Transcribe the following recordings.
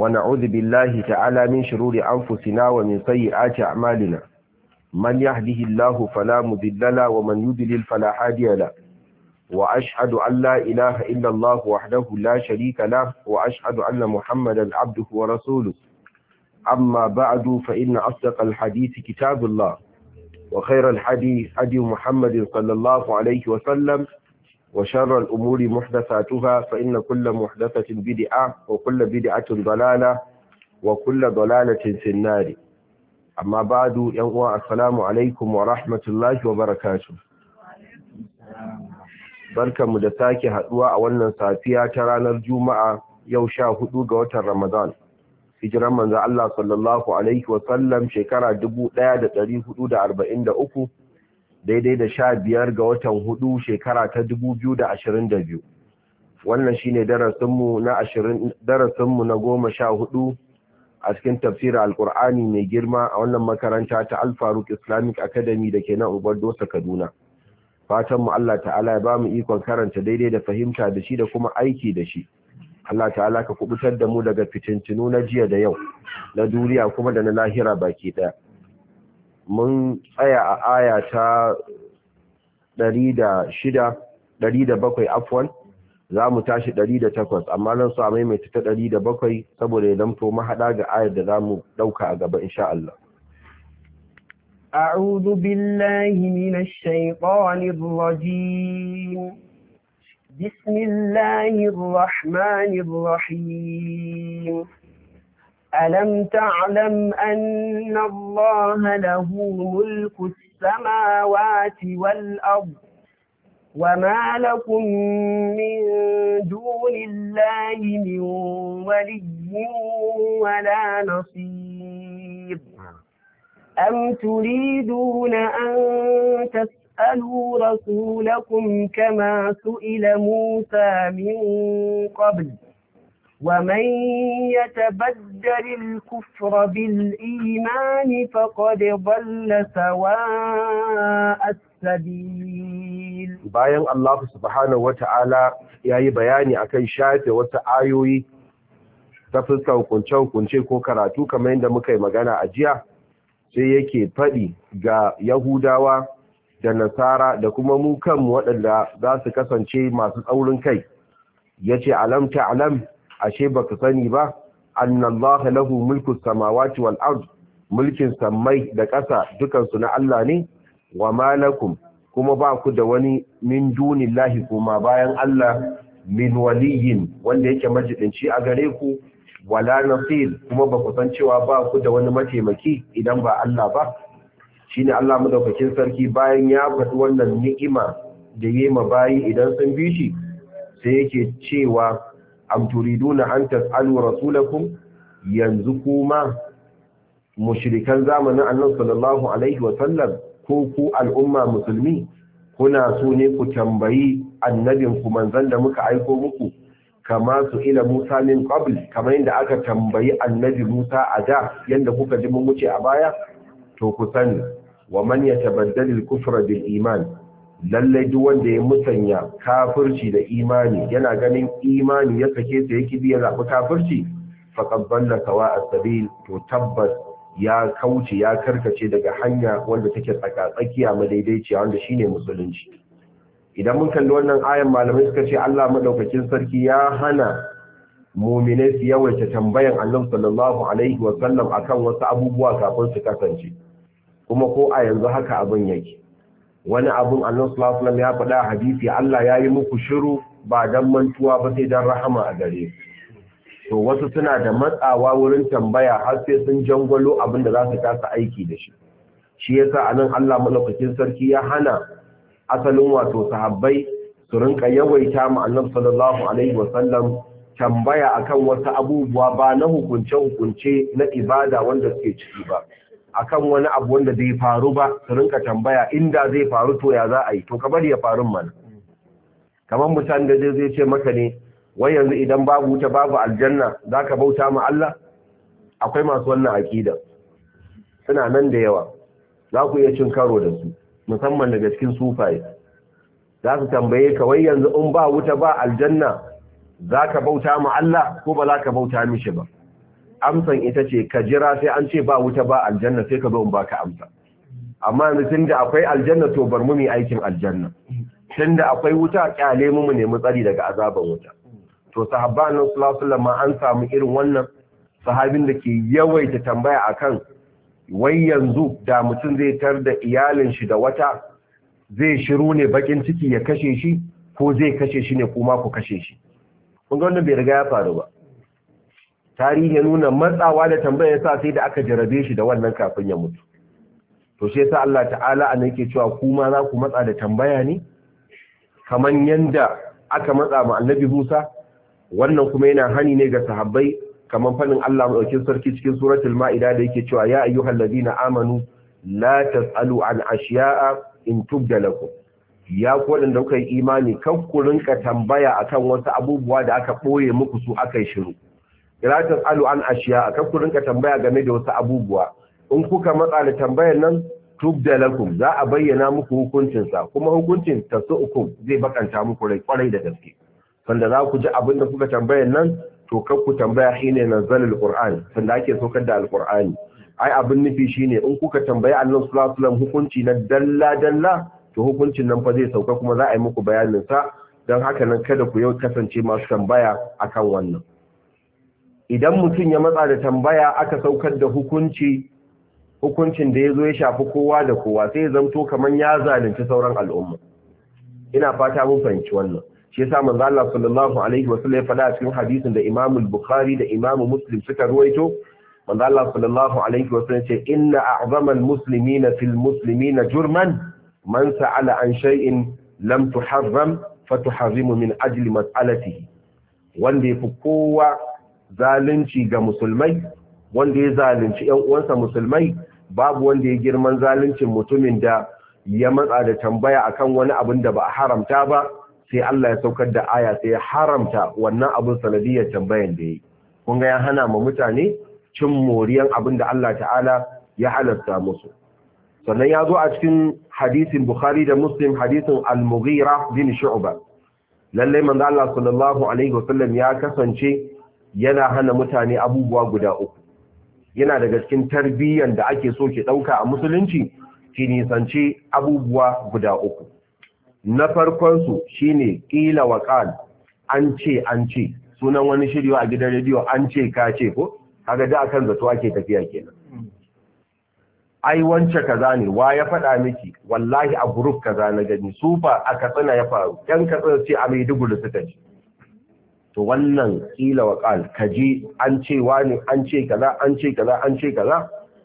ونعوذ بالله تعالى من شرور أنفسنا ومن سيئات أعمالنا من يهده الله فلا مذل له ومن يضلل فلا هادي له وأشهد أن لا إله إلا الله وحده لا شريك له وأشهد أن محمدا عبده ورسوله أما بعد فإن أصدق الحديث كتاب الله وخير الحديث هدي محمد صلى الله عليه وسلم وشر الأمور محدثاتها فإن كل محدثة بدعة وكل بدعة ضلالة وكل ضلالة في النار أما بعد ينقوى السلام عليكم ورحمة الله وبركاته barka mu da sake haduwa a wannan safiya ta ranar juma'a yau sha hudu ga watan ramadan hijiran manzo Allah sallallahu alaihi wa sallam shekara 1443 daidai da sha biyar ga watan hudu shekara ta dubu biyu da ashirin da biyu wannan shi ne na darasinmu na goma sha hudu a cikin tafsirin alkur'ani mai girma a wannan makaranta ta alfaruk islamic academy da ke nan dosa kaduna Fatanmu allah ta'ala ya ba mu ikon karanta daidai da fahimta da shi da kuma aiki da shi allah ta'ala ka kubutar da mu daga fitintinu na jiya da yau na duniya kuma da na lahira baki daya mun tsaya a aya ta 106 107 afwan za mu tashi 108 amma nan su a maimaita ta 107 saboda ya zamto mahaɗa ga ayar da za mu ɗauka a gaba insha Allah. أعوذ بالله من الشيطان الرجيم بسم الله الرحمن الرحيم ألم تعلم أن الله له ملك السماوات والأرض وما لكم من دون الله من ولي ولا نصير أم تريدون أن تسألوا رسولكم كما سئل موسى من قبل ؟ ومن يتبدل الكفر بالإيمان فقد ضل سواء السبيل bayan Allah subhanahu wata'ala yayi bayani akan shafe wasu ayoyi ta fuskar hukunce-hukunce ko karatu kamar yadda muka yi magana a jiya sai yake faɗi ga Yahudawa da Nasara da kuma mu kanmu waɗanda za su kasance masu tsaurin kai yace alam ta Alam. ashe ba baka sani ba annallaha lahu mulku samawati wal ard mulkin samai da ƙasa dukan na Allah ne wa malakum kuma ba ku da wani min dunillahi kuma bayan Allah min waliyin wanda yake majidinci a gare ku wala nasir kuma ba ku san cewa ba ku da wani mataimaki idan ba Allah ba shine Allah madaukakin sarki bayan ya faɗi wannan ni'ima da yema bayi idan sun bi shi sai yake cewa am turiduna an tas'alu rasulakum yanzu kuma mushrikan zamanin annabi sallallahu alaihi wa sallam ko ku al'umma musulmi kuna so ne ku tambayi annabin ku manzon da muka aiko muku kama su ila Musa min qabl kamar yadda aka tambayi annabi Musa a da yanda kuka ji mun wuce a baya to ku sani wa man yatabaddalu al-kufra bil iman lallai duk wanda ya musanya kafirci da imani yana ganin imani ya sake ta yake biya zabi kafirci faƙad balla kawa a sabil to tabbas ya kauce ya karkace daga hanya wanda take tsaka tsakiya madaidaiciya wanda shine musulunci idan mun kalli wannan ayan malamai suka ce Allah madaukakin sarki ya hana mu'minai su yawaita tambayan Annabi sallallahu alaihi wa sallam akan wasu abubuwa kafin su kasance kuma ko a yanzu haka abin yake wani abun annan sulasulam ya faɗa hadisi Allah ya yi muku shiru ba dan mantuwa ba sai dan rahama a gare to wasu suna da matsawa wurin tambaya har sai sun jangwalo abin da za su kasa aiki da shi shi yasa anan Allah malaukakin sarki ya hana asalin wato sahabbai su rinka yawaita mu annabi sallallahu alaihi wasallam tambaya akan wasu abubuwa ba na hukunce hukunce na ibada wanda suke ciki ba akan wani abu wanda zai faru ba su rinka tambaya inda zai faru to ya za a yi to ka bari ya faru mana kamar mutane da zai ce maka ne wai yanzu idan babu wuta babu aljanna za ka bauta ma Allah akwai masu wannan akida suna nan da yawa za ku iya cin karo da su musamman daga cikin sufaye za su tambaye ka wai yanzu in ba wuta ba aljanna za ka bauta ma Allah ko ba za ka bauta mishi ba amsan ita ce ka jira sai an ce ba wuta ba aljanna sai ka zo in baka amsa amma yanzu tunda akwai aljanna to bar mu mu aikin aljanna tunda akwai wuta kyale mu mu nemi tsari daga azaban wuta to sahabban nan sallallahu alaihi wasallam an samu irin wannan sahabin da ke yawaita tambaya akan wai yanzu da mutum zai tar da iyalin shi da wata zai shiru ne bakin ciki ya kashe shi ko zai kashe shi ne kuma ku kashe shi kun ga wannan bai riga ya faru ba tarihi nuna matsawa da tambayar sa sai da aka jarabe shi da wannan kafin ya mutu to shi yasa Allah ta'ala an yake cewa kuma za ku matsa da tambaya ne kaman yanda aka matsa ma annabi Musa wannan kuma yana hani ne ga sahabbai kaman fadin Allah madaukin sarki cikin suratul ma'ida da yake cewa ya ayyuhal ladina amanu la tasalu an ashiya'a in tubda lakum ya ku wadanda kuka yi imani kan ku rinka tambaya akan wasu abubuwa da aka ɓoye muku su aka yi shiru gratis alu an ashiya kan ku rinka tambaya game da wasu abubuwa in kuka matsa da tambayar nan da lakum za a bayyana muku hukuncinsa, kuma hukuncin uku zai bakanta muku rai kwarai da gaske sanda za ku ji abin da kuka tambayar nan to kan ku tambaya shine zalil qur'an sanda ake sokar da alqur'ani ai abin nufi shine in kuka tambayi Allah sallallahu alaihi hukunci na dalla dalla to hukuncin nan fa zai sauka kuma za a yi muku bayanin sa don haka nan kada ku yau kasance masu tambaya akan wannan idan mutum ya matsa da tambaya aka saukar da hukunci hukuncin da ya zo ya shafi kowa da kowa sai ya zamto kamar ya zalunci sauran al'umma ina fata mun fahimci wannan shi yasa manzo Allah sallallahu alaihi wa sallam ya faɗa cikin hadisin da Imam al-Bukhari da Imam Muslim suka ruwaito manzo Allah sallallahu alaihi wa sallam ce inna a'zama al-muslimina fil muslimina jurman man sa'ala an shay'in lam tuharram fatuharrimu min ajli mas'alatihi wanda yafi kowa zalunci ga musulmai wanda ya zalunci ‘yan uwansa musulmai babu wanda ya girman zaluncin mutumin da ya matsa da tambaya akan wani abin da ba a haramta ba sai Allah ya saukar da aya sai ya haramta wannan abin sanadiyar tambayan da ya yi kun ga ya hana ma mutane cin moriyan abin da Allah ta'ala ya halasta musu sannan ya zo a cikin hadisin Bukhari da Muslim hadisin Al-Mughira bin Shu'ba Lallai manzo Allah sallallahu alaihi wasallam ya kasance yana hana mutane abubuwa guda uku yana daga cikin tarbiyyar da ake so ki ɗauka a musulunci ki nisanci abubuwa guda uku na farkon su shine ƙila wa an ce an ce sunan wani shirya a gidan rediyo an ce ka ce ko kaga da akan zato ake tafiya kenan ai wance kaza ne wa ya faɗa miki wallahi a group kaza na gani sufa a katsina ya faru yan katsina ce a maiduguri suka ji to wannan kila wa kal kaji an ce ne an ce kaza an ce kaza an ce kaza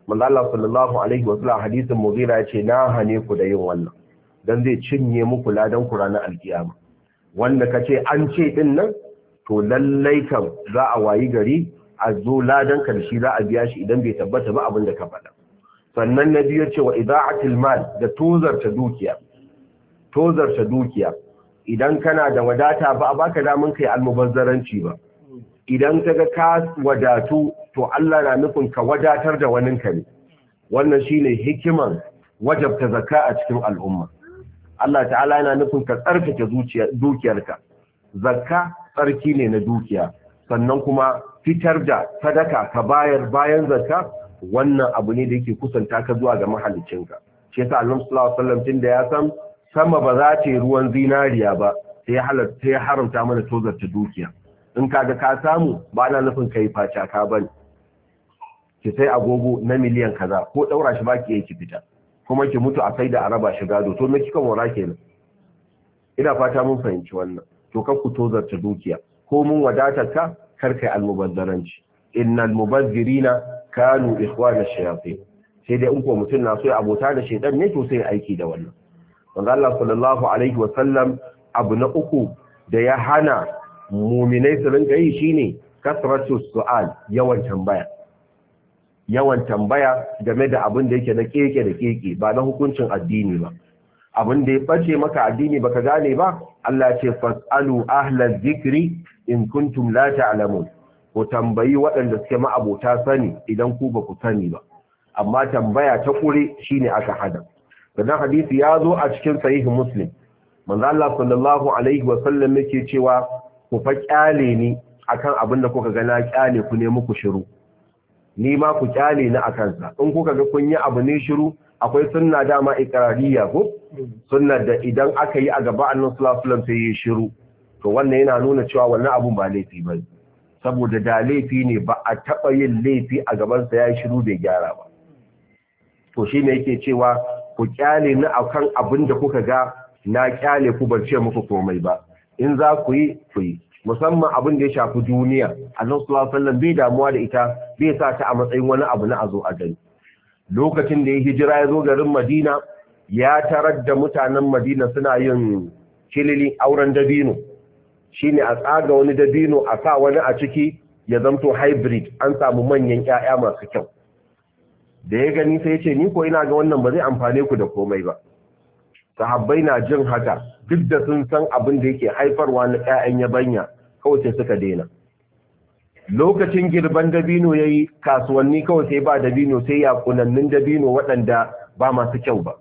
manzo Allah sallallahu alaihi wa sallam hadisin mugira yace na hane ku da yin wannan dan zai cinye muku ladan ku ranar alkiyama wanda kace an ce din nan to lallai kam za a wayi gari a zo ladan ka shi za a biya shi idan bai tabbata ba abin da ka faɗa sannan na biyu ce wa ida'atil mal da tozarta dukiya tozarta dukiya idan kana da wadata ba a baka daman kai almubazzaranci ba idan ka ga ka wadatu to Allah na nufin ka wadatar da waninka ne wannan shine hikiman wajabta zakka a cikin al'umma Allah ta'ala yana nufin ka tsarkake dukiyarka zakka tsarki ne na dukiya sannan kuma fitar da sadaka ka bayar bayan zakka wannan abu ne da yake kusanta ka zuwa ga mahalicinka. shi yasa Allah sallallahu alaihi wasallam tunda ya san sama ba za ta yi ruwan zinariya ba sai ya haramta mana tozarta dukiya in kaga ka samu ba na nufin kai faca ka bane ki sai agogo na miliyan kaza ko daura shi baki yake fita kuma ki mutu a sai da araba shi gado to me kika wara kenan ina fata mun fahimci wannan to kar ku tozarta dukiya ko mun wadatar ka kar kai almubazzaranci innal mubazzirina kanu ikhwana shayatin sai dai in ko mutum na so ya abota da shedan ne to sai aiki da wannan manzo Allah sallallahu alaihi wa sallam abu na uku da ya hana mu'minai su rinka yi shine kasratu su'al yawan tambaya yawan tambaya game da abin da yake na keke da keke ba na hukuncin addini ba abin da ya ɓace maka addini baka gane ba Allah ce fasalu ahlaz zikri in kuntum la ta'lamun ku tambayi waɗanda suke ma'abota sani idan ku ba ku sani ba amma tambaya ta kure shine aka hada sannan hadisi ya zo a cikin sahih muslim manzo Allah sallallahu alaihi wa sallam yake cewa ku fa kyale ni akan abin da kuka ga na kyale ku ne muku shiru ni ma ku kyale ni akan sa in kuka ga kun yi abu ne shiru akwai sunna dama ikrariya ko sunna da idan aka yi a gaba annabi sallallahu alaihi sallam sai yi shiru to wannan yana nuna cewa wannan abu ba laifi ba saboda da laifi ne ba a taɓa yin laifi a gabansa ya shiru bai gyara ba to shi yake cewa ku kyale ni akan abin da kuka ga na kyale ku bar ce muku komai ba in za ku yi ku yi musamman abin da ya shafi duniya Allah sallallahu alaihi wasallam bai damuwa da ita bai sa ta a matsayin wani abu na azo a gani lokacin da ya hijira ya zo garin Madina ya tarar da mutanen Madina suna yin kilili auren dabino shine a tsaga wani dabino a sa wani a ciki ya zamto hybrid an samu manyan ƴaƴa masu kyau da ya gani sai ya ce ni ko ina ga wannan ba zai amfane ku da komai ba sahabbai na jin haka duk da sun san abin da yake haifarwa na ƴaƴan yabanya kawai sai suka daina lokacin girban dabino yayi kasuwanni kawai sai ba dabino sai ya kunannin dabino waɗanda ba masu kyau ba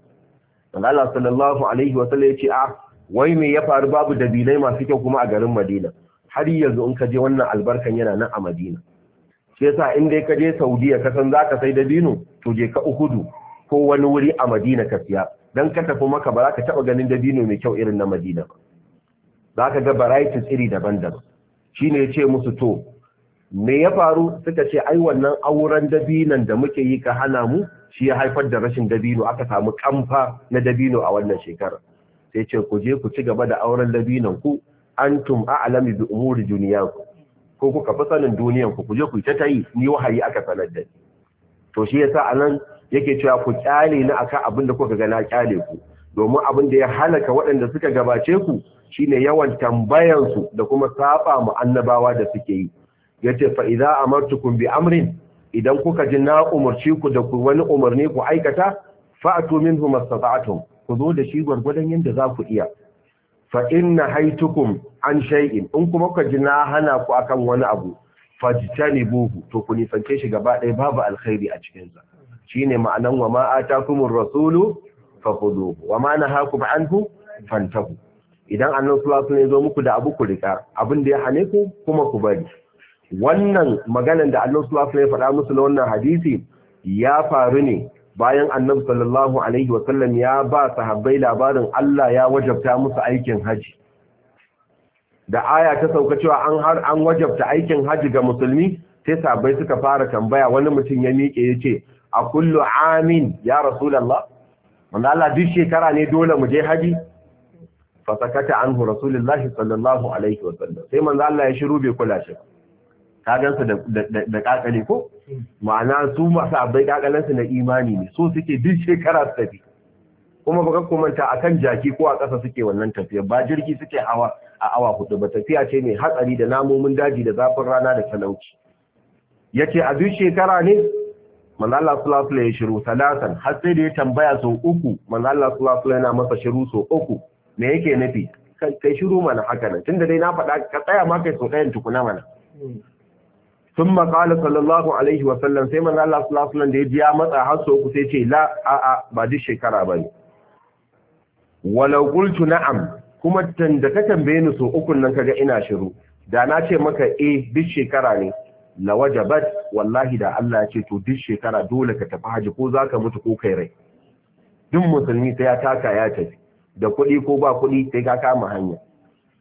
Allah sallallahu alaihi wa sallam yace a ah, wai me ya faru babu dabilai masu kyau kuma a garin Madina har yanzu in ka je wannan albarkan yana nan a Madina sai sa in dai ka je Saudiya ka san zaka sai dabino to je ka uhudu ko wani wuri a madina ka siya dan ka tafi maka ba za ka taɓa ganin dabino mai kyau irin na madina ba za ka ga varieties iri daban-daban shi ne ya ce musu to me ya faru suka ce ai wannan auren dabinan da muke yi ka hana mu shi ya haifar da rashin dabino aka samu kamfa na dabino a wannan shekara sai ce ku je ku ci gaba da auren dabinan ku antum a'lamu bi umuri duniyaku ko kuka fi sanin duniyan ku ku je ku ta tayi ni wahayi aka sanar da ni to shi yasa anan yake cewa ku kyale ni akan abin da kuka ga na kyale ku domin abin da ya halaka waɗanda suka gabace ku shine yawan tambayan su da kuma saba mu annabawa da suke yi yace fa idza amartukum bi amrin idan kuka ji na umarci ku da wani umarni ku aikata fa'atu minhu mastata'tum ku zo da shi gwargwadon yanda za ku iya fa inna haytukum an shay'in in kuma ka ji na hana ku akan wani abu fajitani buhu to ku nisance shi gaba ɗaya babu alkhairi a cikinsa shine ma'anan wa ma atakumur rasulu fakhudhu wa ma nahakum anhu fantahu idan annabi sallallahu alaihi wasallam ya zo muku da abu ku rika abin da ya hane ku kuma ku bari wannan maganar da annabi sallallahu alaihi wasallam ya faɗa musu na wannan hadisi ya faru ne bayan annabi sallallahu alaihi wasallam ya ba sahabbai labarin Allah ya wajabta musu aikin haji da aya ta sauka cewa an har an wajabta aikin haji ga musulmi sai sabai suka fara tambaya wani mutum ya miƙe ya ce a kullu amin ya rasulallah wanda Allah duk shekara ne dole mu je haji fa sakata anhu rasulullahi sallallahu alaihi wa sallam sai manzo Allah ya shiru bai kula shi ka gansa da da kakale ko ma'ana su masu abai kakalansu na imani ne so suke duk shekara su tafi kuma baka a akan jaki ko a ƙasa suke wannan tafiya ba jirgi suke hawa a awa hudu ba tafiya ce mai hatsari da namomin daji da zafin rana da talauci yace a duk shekara ne manzo Allah sallallahu alaihi ya shiru salatan har sai da ya tambaya sau uku manzo Allah sallallahu alaihi yana masa shiru sau uku me yake nufi kai shiru mana haka nan tunda dai na faɗa ka tsaya ma kai sau ɗayan tukuna mana ثم قال صلى الله عليه وسلم sai manzo Allah sallallahu da ya ji ya matsa har sau uku sai ce la ba duk shekara ne." walau gultu na'am kuma da ka tambaye ni so ukun nan kaga ina shiru da na ce maka eh duk shekara ne la wajabat wallahi da Allah ya ce to duk shekara dole ka tafi haji ko zaka mutu ko kai rai duk musulmi sai ya taka ya tafi da kuɗi ko ba kuɗi sai ka kama hanya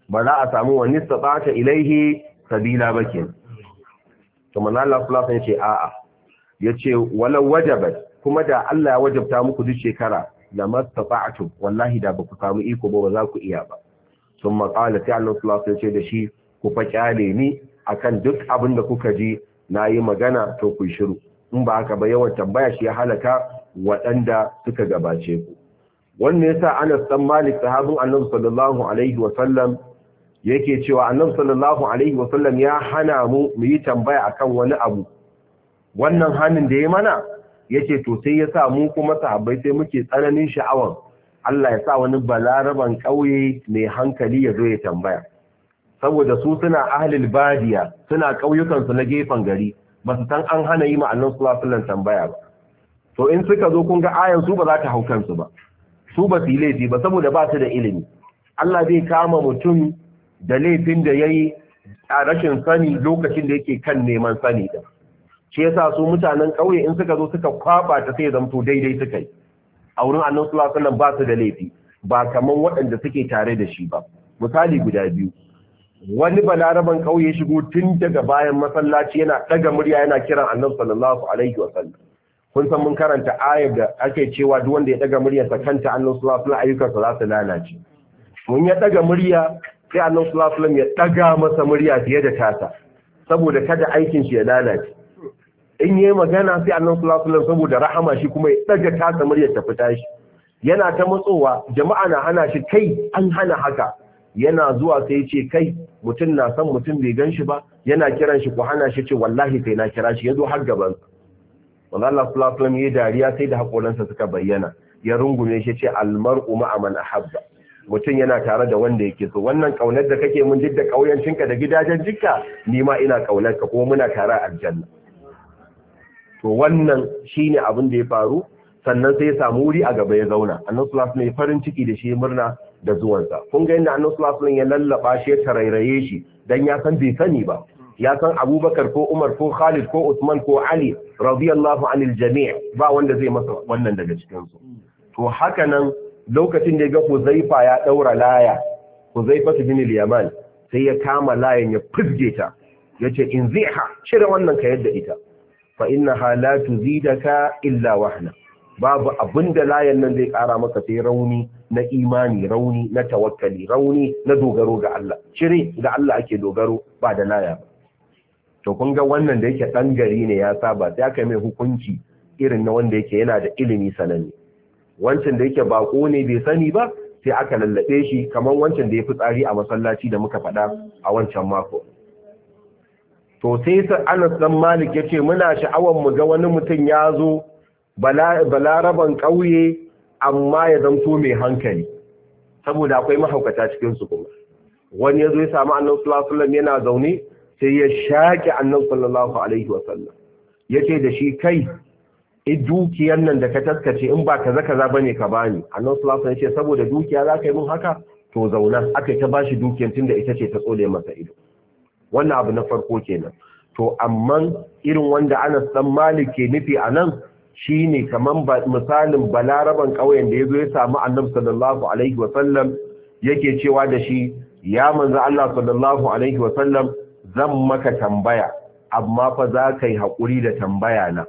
ba za a samu wani sabata ilaihi sabila ba to manzo Allah sallallahu alaihi wasallam ya ce a'a yace walau wajabat kuma da Allah ya wajabta muku duk shekara lamastata'tum wallahi da baku samu iko ba ba za ku iya ba Sun qala sai Allah sallallahu alaihi wasallam da shi ku fa kyale ni akan duk abin da kuka ji nayi magana to ku shiru in ba haka ba yawan tambaya shi ya halaka waɗanda suka gabace ku wannan yasa Anas dan Malik sahabin Annabi sallallahu alaihi wasallam yake cewa Annabi sallallahu alaihi wasallam ya hana mu mu yi tambaya akan wani abu wannan hanin da ya mana yake to sai ya sa mu kuma sahabbai sai muke tsananin sha'awan Allah ya sa wani balaraban ƙauye mai hankali ya zo ya tambaya saboda su suna ahlil badiya suna ƙauyukan su na gefen gari ba su san an hana yi ma annabi sallallahu alaihi tambaya ba to in suka zo kun ga ayan su ba za ta hau kansu ba su ba su yi laifi ba saboda ba su da ilimi Allah zai kama mutum da laifin da yayi a rashin sani lokacin da yake kan neman sani da shi yasa su mutanen ƙauye in suka zo suka kwaba ta sai zamto daidai suka yi a wurin annan ba su da laifi ba kamar waɗanda suke tare da shi ba misali guda biyu wani balaraban ƙauye shigo tun daga bayan masallaci yana ɗaga murya yana kiran annabi sallallahu alaihi wasallam kun san mun karanta ayar da ake cewa duk wanda ya ɗaga murya ta kanta annabi sallallahu ayyukansa za su lalace mun ya ɗaga murya sai annabi sallallahu ya ɗaga masa murya fiye da tasa saboda kada aikin shi ya lalace in yi magana sai annan sallallahu saboda rahama shi kuma ya daga ta muryar ta tafi tashi. yana ta matsowa jama'a na hana shi kai an hana haka yana zuwa sai ya ce kai mutum na san mutum bai gan shi ba yana kiran shi ku hana shi ce wallahi sai na kira shi Ya zo har gaban su. Allah sallallahu dariya sai da hakoransa suka bayyana ya rungume shi ce almar'u ma'a man ahabba mutum yana tare da wanda yake so wannan kaunar da kake mun duk da kauyancinka da gidajen jikka ni ma ina kaunar ka kuma muna tare a aljanna to wannan shine abin da ya faru sannan sai ya samu wuri a gaba ya zauna annabi sallallahu alaihi farin ciki da shi murna da zuwansa kun ga yadda annabi sallallahu alaihi ya lallaba shi ya tarairaye shi dan ya san bai sani ba ya san Abubakar ko Umar ko Khalid ko Usman ko Ali radiyallahu anil jami' ba wanda zai masa wannan daga cikin su to haka nan lokacin da ya ga Huzaifa ya daura laya Huzaifa bin yaman sai ya kama layin ya fizge ta yace in ziha cire wannan ka yadda ita fa halatu la zidaka illa wahna babu abinda layan nan zai kara maka sai rauni na imani rauni na tawakkali rauni na dogaro ga Allah Shirin ga Allah ake dogaro ba da laya ba to kun ga wannan da yake dan gari ne ya saba sai aka mai hukunci irin na wanda yake yana da ilimi sananne wancan da yake bako ne bai sani ba sai aka lallabe shi kamar wancan da ya fi tsari a masallaci da muka faɗa a wancan mako to sai su anas dan malik ya ce muna sha'awar mu ga wani mutum ya zo balaraban ƙauye amma ya zanto mai hankali saboda akwai mahaukata cikinsu kuma wani ya zo ya samu annan sulasulam yana zaune sai ya shaƙi annan sallallahu alaihi wasallam ya ce da shi kai dukiyan nan da ka taskace in ba ka zaka ba ne ka bani annan sulasulam ce saboda dukiya za ka yi mun haka to zauna aka ta bashi dukiyar tun da ita ce ta tsole masa ido wannan abu na farko kenan to amma irin wanda Anas san Malik ke nufi anan shine kaman misalin balaraban ƙauyen da yazo ya samu Annabi sallallahu alaihi wasallam yake cewa da shi ya manzo Allah sallallahu alaihi wasallam zan maka tambaya amma fa za ka yi haƙuri da tambaya na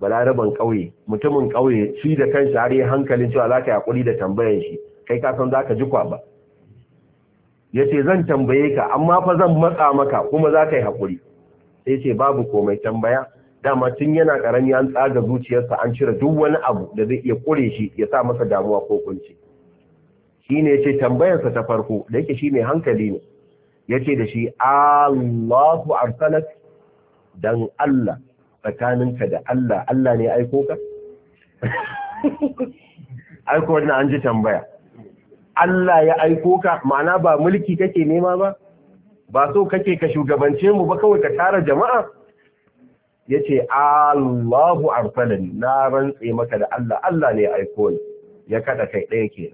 balaraban ƙauye mutumin ƙauye shi da kanshi har yi hankalin cewa za ka yi hakuri da tambayan shi kai ka san za ka ji kwaba Yace zan tambaye ka amma fa zan matsa maka kuma za ka yi hakuri. sai ce babu komai tambaya dama tun yana ƙarami an tsaga zuciyarsa an cire duk wani abu da zai iya kure shi ya sa masa damuwa ko kunci shi ne ya ce tambayarsa ta farko da yake shi ne hankali ne ya da shi Allahu arsalat dan Allah tsakaninka da Allah Allah ne aiko ka aiko wannan an ji tambaya Allah ya aiko ka ma'ana ba mulki kake nema ba ba so kake ka shugabance mu ba kawai ka tara jama'a yace Allahu arsalani na rantse maka da Allah Allah ne ya aiko ni ya kada kai ɗaya kenan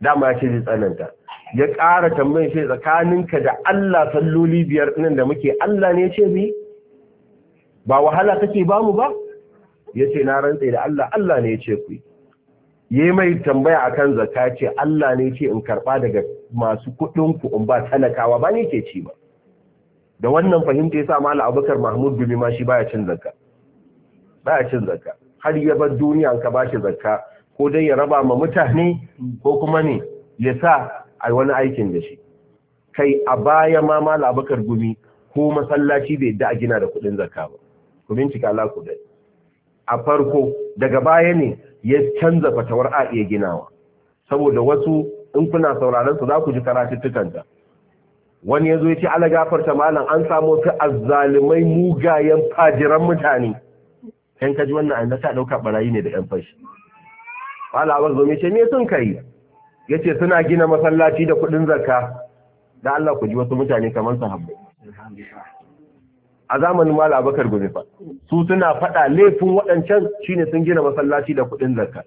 dama ya ce zai tsananta ya ƙara tambayin shi tsakaninka da Allah salloli biyar nan da muke Allah ne ya ce bi ba wahala kake ba mu ba ya ce na rantse da Allah Allah ne ya ce ku yi mai tambaya akan zaka ce Allah ne ce in karba daga masu kudin ku in ba talakawa ba ne ke ci ba da wannan fahimta yasa mallam Abubakar Mahmud Gumi ma shi baya cin zakka baya cin zakka har ya bar duniya ka bashi zakka ko dai ya raba ma mutane ko kuma ne ya sa a wani aikin da shi kai a baya ma mallam Abubakar Gumi ko masallaci bai da gina da kudin zakka ba ku bincika Allah ku dai a farko daga baya ne ya canza fatawar a iya ginawa saboda wasu in kuna sauraron su za ku ji karatuttukanta wani ya zo ya ce alagafar gafarta malam an samu su azzalimai mugayen fajiran mutane yan kaji wannan an nasa dauka barayi ne da yan fashi wala wa zo mece ce me sun kai Ya ce suna gina masallaci da kuɗin zakka da Allah ku ji wasu mutane kamar sahabbai a zamanin Malam abakar gobe fa su suna faɗa laifin waɗancan shine sun gina masallaci da kuɗin zakka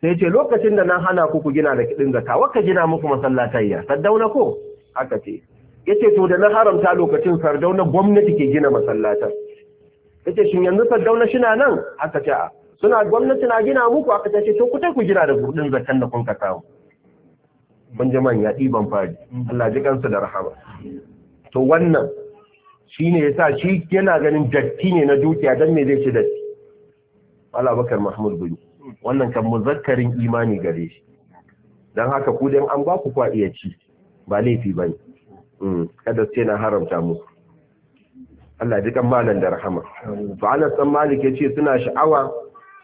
sai ce lokacin da na hana ku ku gina da kuɗin zakka waka gina muku masallatayya sardauna ko aka ce yace to da na haramta lokacin sardauna gwamnati ke gina masallata yace shin yanzu sardauna shina nan aka ce a suna gwamnati na gina muku aka ce to ku ku gina da kuɗin zakkan da kun ka samu mun ji manya ɗiban fari mm. Allah ji kansu da rahama to wannan Shi ne ya sa shi yana ganin datti ne na dukiya don me zai ci datti Allah bakar Mahmud Gumi wannan kan muzakkarin imani gare shi Don haka kudin an ba ku kwa iya ci ba laifi ba ne. Mm, kada ce na haramta muku Allah ji kan malan da rahama to ana san Malik ce suna sha'awa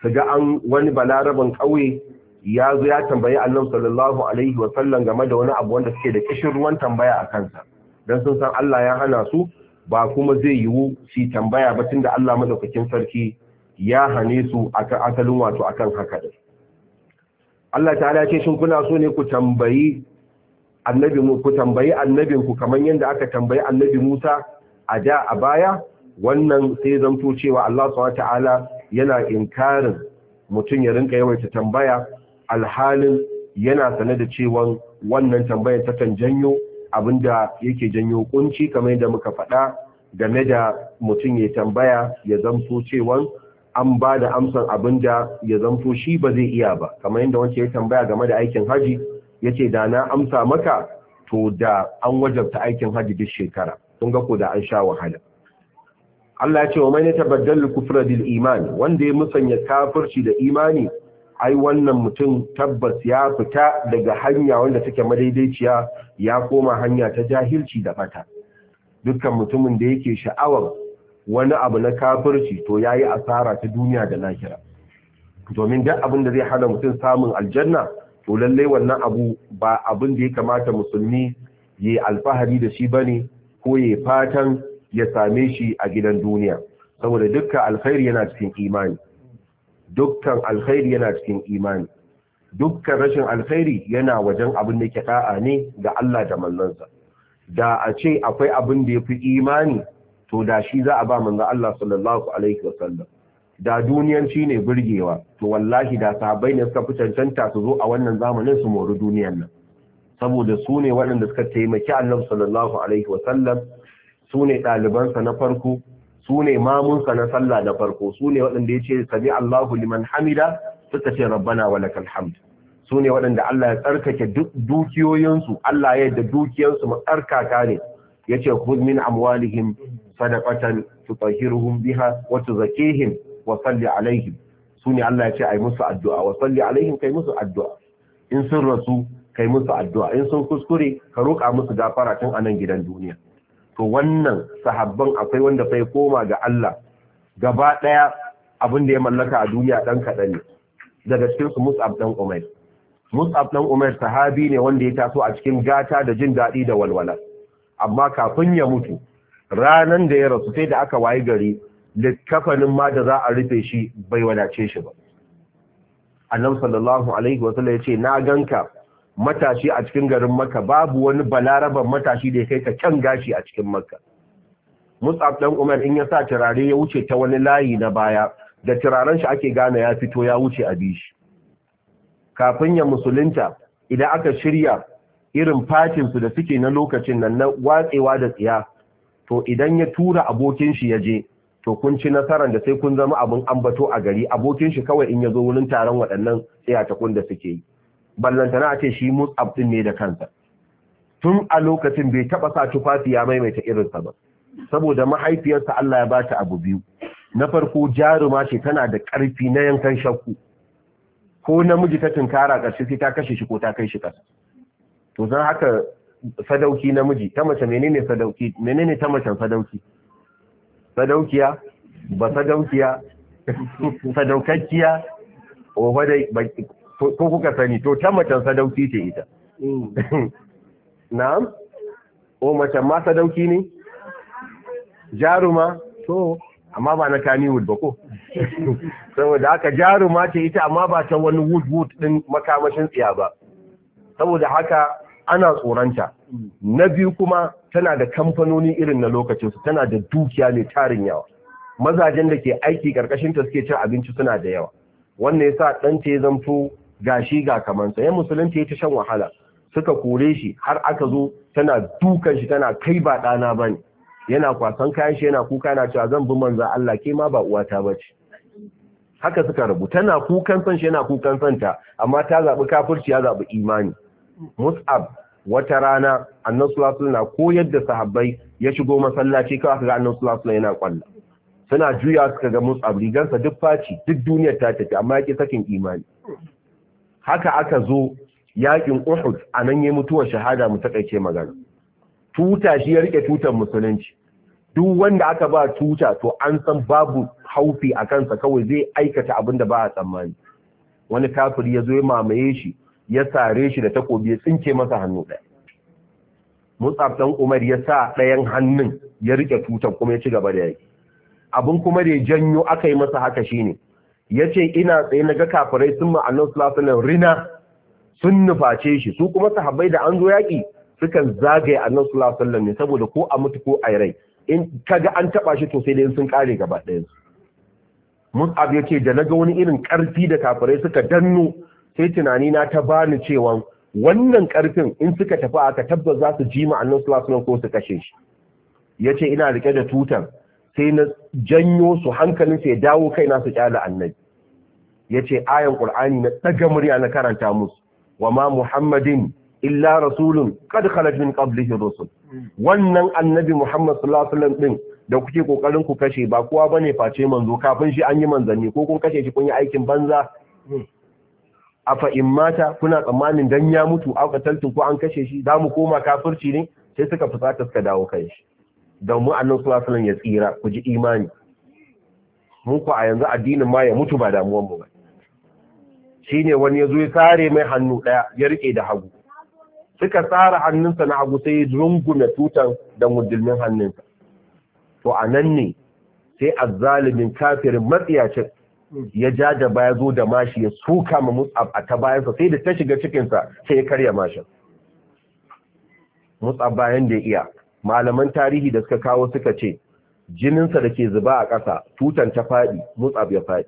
su ga an wani balaraban kauye ya zo ya tambayi Allah sallallahu alaihi wa game da wani abu wanda suke da kishin ruwan tambaya a kansa dan sun san Allah ya hana su ba kuma zai yiwu shi tambaya ba tun da Allah madaukakin sarki ya hane su akan asalin wato akan haka da. Allah ta'ala ce shin kuna so ne ku tambayi annabi mu ku tambayi annabin ku kamar yadda aka tambayi annabi Musa a da a baya wannan sai zanto cewa Allah subhanahu ta'ala yana inkarin mutum ya rinka yawaita tambaya alhalin yana sane da cewa wannan tambayar takan janyo abinda yake janyo kunci kamar yadda muka faɗa game da mutum ya tambaya ya zamto cewan an ba da amsan abinda ya zamto shi ba zai iya ba kamar yadda wancan ya tambaya game da aikin haji ya ce da na amsa maka to da an wajabta aikin haji duk shekara sun ga ko da an sha wahala Allah ya ce wa mai ne tabaddal kufra bil iman wanda ya musanya kafirci da imani ai wannan mutum tabbas ya fita daga hanya wanda take madaidaiciya ya koma hanya ta jahilci da fata dukkan mutumin da yake sha'awar wani abu na kafirci to yayi asara ta duniya da lahira domin duk abin da zai hana mutum samun aljanna to lalle wannan abu ba abin da ya kamata musulmi yi alfahari da shi bane ko ya fatan ya same shi a gidan duniya saboda dukkan alkhairi yana cikin imani dukkan alkhairi yana cikin imani dukkan rashin alkhairi yana wajen abin da yake da'a ne ga Allah da mallansa. da a ce akwai abin da yafi imani to da shi za a ba manzo Allah sallallahu alaihi wasallam da duniyanci ne burgewa to wallahi da sahabbai ne suka fi cancanta su zo a wannan zamanin su mori duniyar nan saboda su ne waɗanda suka taimaki Allah sallallahu alaihi wasallam su ne ɗalibansa na farko su ne mamunsa na sallah da farko su ne waɗanda ya ce sami Allahu liman hamida suka ce rabbana wa lakal hamd su ne waɗanda Allah ya tsarkake duk dukiyoyinsu Allah ya yadda dukiyansu tsarkaka ne yace ce khudh min amwalihim sadaqatan tutahhiruhum biha wa tuzakkihim wa salli alaihim su ne Allah ya ce ai musu addu'a wa salli alaihim kai musu addu'a in sun rasu kai musu addu'a in sun kuskure ka roƙa musu gafara tun anan gidan duniya to wannan sahabban akwai wanda sai koma ga Allah gaba daya abin da ya mallaka a duniya dan kadan ne daga cikin su Mus'ab dan Umair Mus'ab dan Umair sahabi ne wanda ya taso a cikin gata da jin dadi da walwala amma kafin ya mutu ranan da ya rasu sai da aka wayi gari likafanin ma da za a rufe shi bai wadace shi ba annabi sallallahu alaihi wa ya yace na ganka matashi a cikin garin Makka babu wani balaraban matashi da ya kai ka kyan gashi a cikin Makka Mus'ab dan Umar in ya sa turare ya wuce ta wani layi na baya da turaren shi ake gane ya fito ya wuce a bishi kafin ya musulunta idan aka shirya irin fatin su da suke na lokacin nan na watsewa da tsiya to idan ya tura abokin shi ya je to kun ci nasarar da sai kun zama abin ambato a gari abokin shi kawai in ya zo wurin taron waɗannan tsiya ta kun da suke yi ballantana a ce shi mutsaf din ne da kansa tun a lokacin bai taba sa tufafi ya maimaita irinsa ba saboda mahaifiyarsa Allah ya ba ta abu biyu na farko jaruma ce tana da ƙarfi na yankan shakku ko namiji ta tunkara ƙarshe sai ta kashe shi ko ta kai shi ƙasa to zan haka sadauki namiji ta mace menene sadauki menene ta mace sadauki sadaukiya ba sadaukiya sadaukakkiya ofa wadai ko kuka sani to ta macen sadauki ce ita mm. na'am o macen ma sadauki ne jaruma to amma ba na kaniwood ba ko saboda haka jaruma ce ita amma ba ta wani wood wood din makamashin tsiya ba saboda haka ana tsoranta mm. na biyu kuma tana da kamfanoni irin na lokacinsu tana da dukiya mai tarin yawa mazajen da ke aiki karkashin ta suke cin abinci suna da yawa wannan yasa ɗanta ya zamto ga shi ga kamansa 'yan musulunci ya ta shan wahala suka kore shi har aka zo tana dukan shi tana kai ba ɗana ba ne yana kwasan kayan shi yana kuka yana cewa zan bi manza Allah ke ma ba uwata ba ce haka suka rabu tana kukan san shi yana kukan santa amma ta zabi kafirci ya zabi imani mus'ab wata rana annabi sallallahu na koyar da sahabbai ya shigo masallaci kawai ga annabi sallallahu yana kwalla suna juya suka ga mus'ab rigansa duk faci duk duniyar ta tafi amma yake sakin imani haka aka zo yakin Uhud a nan ya mutuwar shahada mu takaice magana tuta shi ya rike tutan musulunci duk wanda aka ba tuta to an san babu haufi a kansa kawai zai aikata abin da ba a tsammani wani kafiri ya zo ya mamaye shi ya sare shi da takobi ya tsinke masa hannu ɗaya Musab dan Umar ya sa ɗayan hannun ya rike tutan kuma ya ci gaba da yaki abin kuma da ya janyo aka yi masa haka shine ya ce ina tsaye na ga kafirai sun ma'anar sulasanin rina sun nuface shi su kuma sahabbai da an zo yaƙi sukan zagaye annan sulasanin ne saboda ko a mutu ko a rai in kaga an taɓa shi to sai dai sun ƙare gaba ɗaya su mus'ab ya ce da na ga wani irin ƙarfi da kafirai suka danno sai tunani na ta bani cewa wannan ƙarfin in suka tafi aka tabbas za su ji ma'annan sulasanin ko su kashe shi ya ce ina rike da tutar sai na janyo su hankalin sai dawo kaina su kyala annabi yace ayan qur'ani na daga murya na karanta musu wa ma muhammadin illa rasulun kad khalat min qablihi rusul wannan annabi muhammad sallallahu alaihi wasallam din da kuke kokarin ku kashe ba kowa bane face manzo kafin shi an yi manzanni ko kun kashe shi kun yi aikin banza A in mata kuna tsammanin dan ya mutu a taltin ko an kashe shi za mu koma kafirci ne sai suka fusata suka dawo kai shi domin annabi sallallahu alaihi wasallam ya tsira ku ji imani mun ku a yanzu addinin ma ya mutu ba damuwan mu ba Shi ne wani ya zo ya sare mai hannu daya ya rike da hagu suka tsara hannunsa na hagu sai rungume tutan da mudulmin hannunsa to anan ne sai azzalimin kafirin matsiyacin ya ja da baya zo da mashi ya suka ma mutsab a ta bayansa sai da ta shiga cikinsa sai ya karya mashin mutsab bayan da iya malaman tarihi da suka kawo suka ce jininsa da ke zuba a ƙasa tutan ta faɗi mutsab ya faɗi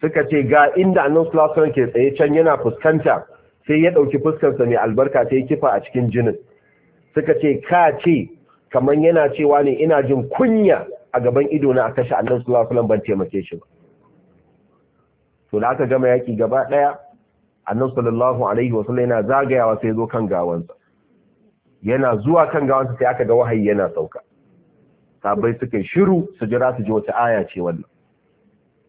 suka ce ga inda annan sulasun ke tsaye can yana fuskanta sai ya ɗauki fuskarsa mai albarka sai kifa a cikin jinin suka ce ka ce kamar yana cewa ne ina jin kunya a gaban ido na a kashe annan sulasun ban taimake shi ba to da aka gama yaki gaba ɗaya annan sallallahu alaihi wasallam yana zagayawa sai zo kan gawansa yana zuwa kan gawansa sai aka ga wahayi yana sauka sabai suka shiru su jira su ji wata aya ce wannan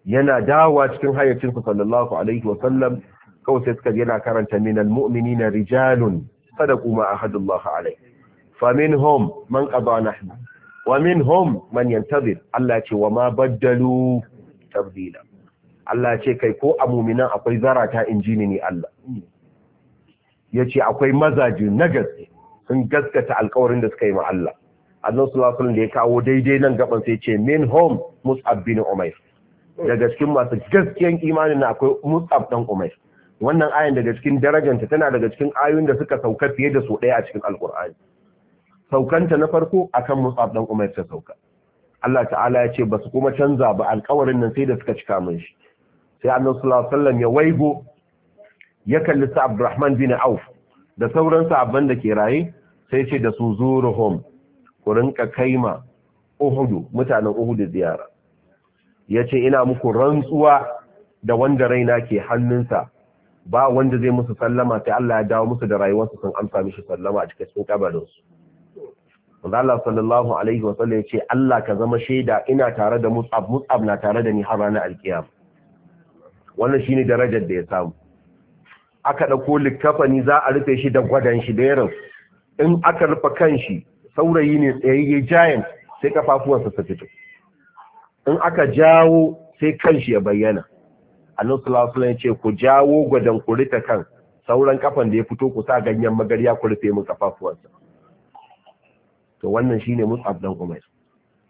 yana dawowa cikin hayyacin sallallahu alaihi wa sallam kawai sai suka yana karanta min mu'minina rijalun sadaqu ma ahadullah alaihi faminhum man qada nahnu wa minhum man yantazir Allah ce wa ma baddalu tabdila Allah ce kai ko a mu'minan akwai zarata injini ne Allah yace akwai mazaji na gaske sun gaskata alkawarin da suka yi ma Allah da ya kawo daidai nan gaban sai ce main home mus'ab bin umair daga cikin masu gaskiyan imanin na akwai mus'ab ɗan umair wannan ayan daga cikin darajanta tana daga cikin ayoyin da suka sauka fiye da su ɗaya a cikin alkur'ani saukanta na farko akan mus'ab dan umair ta sauka Allah ta'ala ya ce ba su kuma canza ba alkawarin nan sai da suka cika min shi sai annabi sallallahu alaihi wasallam ya waigo ya kalli su Abdurrahman bin Auf da sauran sahabban da ke raye sai ce da su zuruhum ku rinka kaima uhudu mutanen uhudu ziyara yace ina muku rantsuwa da wanda raina ke hannunsa ba wanda zai musu sallama sai Allah ya dawo musu da su sun amsa mishi sallama a cikin kabarinsu Manzo Allah sallallahu alaihi wasallam yace Allah ka zama shaida ina tare da Mus'ab Mus'ab na tare da ni har ranar alkiyama wannan shine darajar da ya samu aka ɗauko littafani za a rufe shi da gwadan shi da yaron in aka rufe kanshi, saurayi ne tsayayye giant sai kafafuwansa su fito in aka jawo sai kan ya bayyana annabi sallallahu alaihi ce ku jawo gwadan ku rufe kan sauran kafan da ya fito ku sa ganyen magarya ku rufe mu kafafuwansa to wannan shine mus'ab dan umar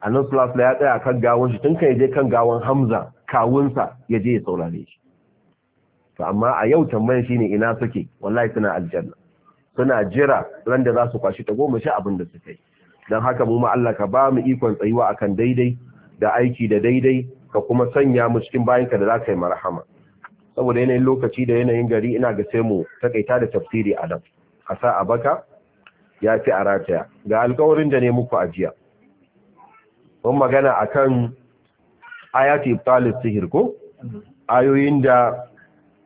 annabi sallallahu alaihi ya tsaya kan gawon shi tun kan je kan gawon hamza kawunsa ya je ya saurare shi to amma a yau tambayan shine ina suke wallahi suna aljanna suna jira ran da za kwashi ta goma sha abin da suka yi don haka mu ma Allah ka ba mu ikon tsayuwa akan daidai da aiki da daidai ka kuma sanya mu cikin ka da za ka yi marhama saboda yanayin lokaci da yanayin gari ina ga sai mu takaita da tafsiri a nan a sa a ya fi arataya, ga alkawarin da ne muku ajiya mun magana akan ayati ibtalis sihir ko ayoyin da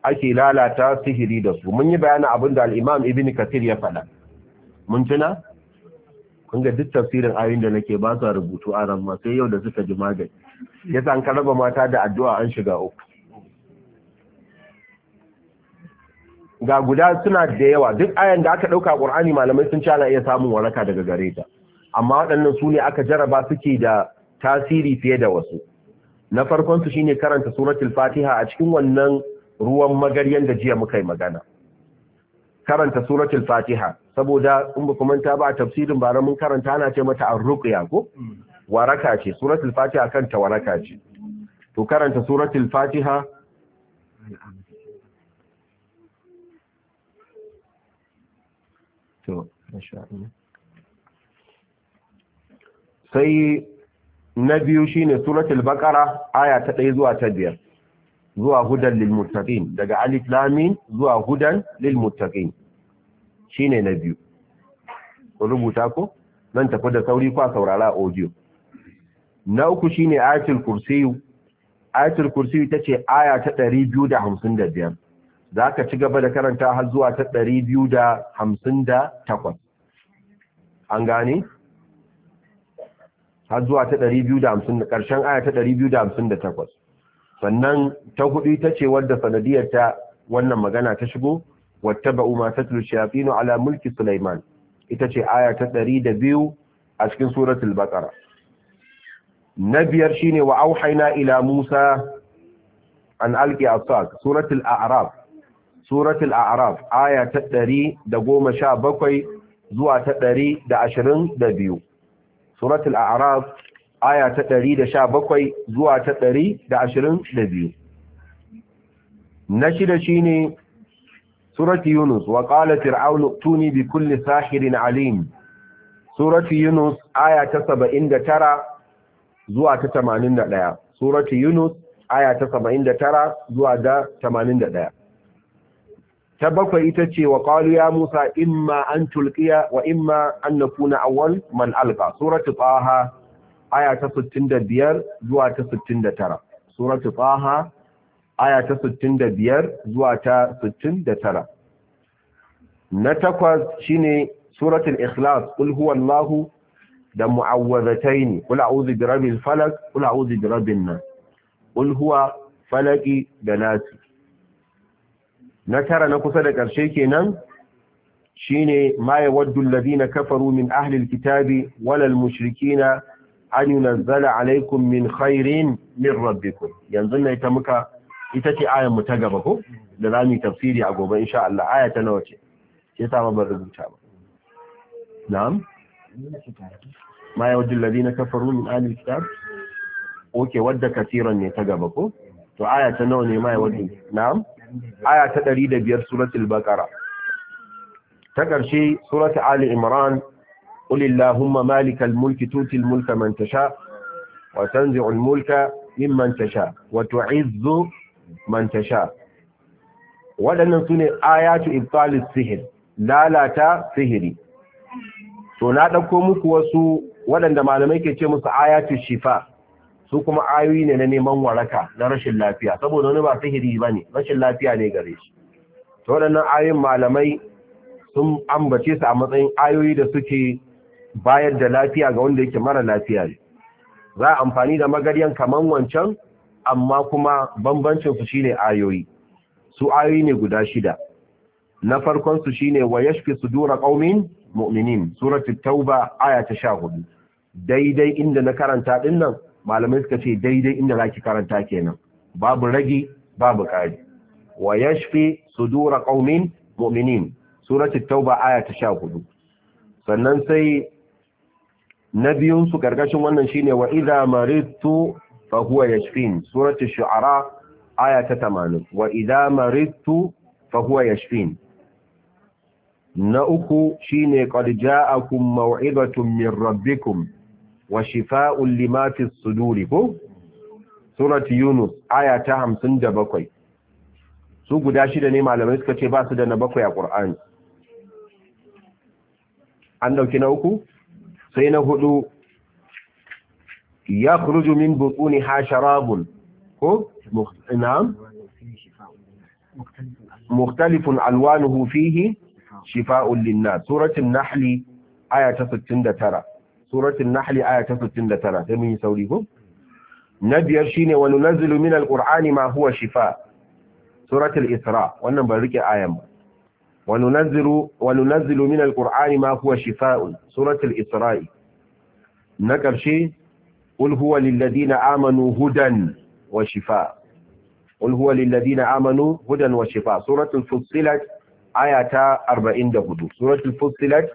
ake lalata sihiri da su mun yi bayanin abin da al-Imam Ibn Kathir ya faɗa mun tuna kun ga duk tafsirin ayoyin da nake ba sa rubutu a ran sai yau da suka ji magani ya an karaba mata da addu'a an shiga uku ga guda suna da yawa duk ayan da aka dauka Qur'ani malamai sun ci ana iya samun waraka daga gare ta amma waɗannan su ne aka jaraba suke da tasiri fiye da wasu na farkon su shine karanta suratul Fatiha a cikin wannan ruwan magaryan da jiya muka yi magana karanta suratul fatiha saboda in ba ta ba a tafsirin bara mun karanta ana ce mata ar-ruqya ko mm. waraka ce suratul fatiha kanta waraka ce to karanta suratul fatiha to sai na biyu shi ne suratul Baƙara, aya ta ɗaya zuwa ta biyar. zuwa hudan lil daga alif lam mim zuwa hudan lil shine na biyu ku rubuta ko nan tafi da sauri kwa saurara audio na uku shine ayatul kursiyu ayatul kursiyu tace aya ta 255 zaka ci gaba da karanta har zuwa ta 258 an gane har zuwa ta 250 karshen aya ta 258 sannan ta hudu ita ce wadda sanadiyar ta wannan magana ta shigo wattaba'u ma tatlu shayatinu ala mulki sulaiman ita ce aya ta 102 a cikin suratul baqara na biyar shine wa auhaina ila musa an alki asaq suratul a'raf suratul a'raf aya ta 117 zuwa ta 122 suratul a'raf aya ta ɗari da sha bakwai zuwa ta ɗari da da ashirin biyu. na shida shi ne surati yunus wa ƙala fir'aunu tuni bi kulli sahirin alim surati yunus aya ta saba'in da tara zuwa ta tamanin da ɗaya. surati yunus aya ta saba'in da tara zuwa da tamanin da ɗaya. ta bakwai ita ce wa ƙalu ya musa imma an tulkiya, wa imma an nakuna awal man alqa surati taha aya ta 65 zuwa ta 69 suratu taha aya ta 65 zuwa ta 69 na takwas shine suratul ikhlas qul huwallahu da mu'awwazataini qul a'udhu birabbil falaq qul a'udhu birabbin nas qul huwa falaqi da nasi na tara na kusa da ƙarshe kenan shine ma yawaddu alladhina kafaru min ahli alkitabi wal mushrikina an yunazzala alaikum min khairin min rabbikum yanzu ne ta muka ita ce ayar mu ta gaba ko da za mu tafsiri a gobe insha Allah aya ta nawa ce sai sa ba rubuta ba na'am ma yawaddu alladhina kafaru min ahli kitab okay wadda kasiran ne ta gaba ko to aya ta nawa ne ma yawaddu na'am aya ta 105 suratul baqara ta ƙarshe suratul ali imran قل اللهم مالك الملك تؤتي الملك من تشاء وتنزع الملك ممن تشاء وتعز من تشاء waɗannan su ne ayatu ibtalis sihir lalata sihiri to na ɗauko muku wasu waɗanda malamai ke ce musu ayatu shifa su kuma ayoyi ne na neman waraka na rashin lafiya saboda wani ba sihiri ba ne rashin lafiya ne gare shi to waɗannan ayoyin malamai sun ambace su a matsayin ayoyi da suke bayar da lafiya ga wanda yake mara lafiya ne za a amfani da magaryan kaman wancan amma kuma bambancin su shine ayoyi su ayoyi ne guda shida na farkon su shine wa yashfi sudura qaumin mu'minin suratul tauba aya ta 14 daidai inda na karanta din nan malamai suka ce daidai inda zaki karanta kenan babu ragi babu kari wa yashfi sudura qaumin mu'minin suratul tauba aya ta 14 sannan sai na biyun su wannan shine wa idza maridtu fa huwa yashfin surati shu'ara aya ta 80 wa idza maridtu fa huwa yashfin na uku shine qad ja'akum maw'idatun min rabbikum wa shifaa'un lima fi suduri ko surati yunus aya ta 57 su guda shida ne malamai suka ce ba su da na bakwai a qur'ani an dauki na uku هدو يخرج من بطونها شراب نعم مختلف ألوانه فيه شفاء للناس سورة النحل آية 60 ترى سورة النحل آية 60 ترى سمي سوليه نبي يرشيني وننزل من القرآن ما هو شفاء سورة الإسراء ونبارك آية وننزل من القرآن ما هو شفاء سورة الإسراء نكر شيء قل هو للذين آمنوا هدى وشفاء قل هو للذين آمنوا هدى وشفاء سورة الفصلت آية 44 سورة الفصلت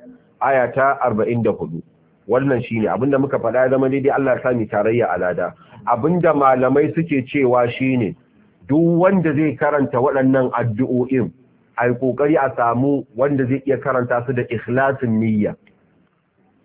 آية 44 wannan shine abinda muka faɗa zama daidai Allah ya sami tarayya alada abinda malamai suke cewa shine duk wanda zai karanta waɗannan addu'o'in a kokari ƙoƙari a samu wanda zai iya karanta su da ikhlasin niyya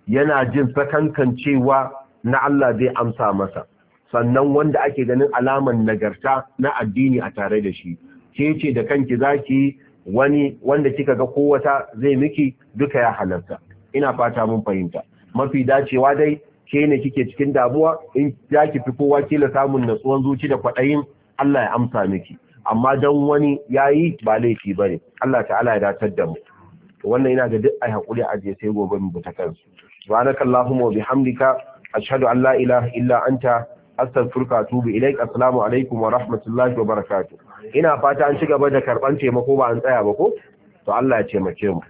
yana jin sakankan cewa na Allah zai amsa masa sannan wanda ake ganin alaman nagarta na addini a tare da shi ke ce da kanki zaki wani wanda kika ga kowata zai miki duka ya halarta ina fata mun fahimta mafi dacewa dai ke ne kike cikin damuwa in zaki fi kowa kila samun natsuwan zuci da kwaɗayin Allah ya amsa miki amma don wani ya yi ba laifi ba ne Allah ta'ala ya datar da mu wannan yana da duk ai haƙuri a je sai gobe mu ta kansu subhanaka allahumma wa bihamdika ashhadu an la ilaha illa anta astaghfiruka wa atubu ilaik alaikum wa rahmatullahi wa barakatuh ina fata an ci gaba da karban taimako ba an tsaya ba ko to Allah ya taimake mu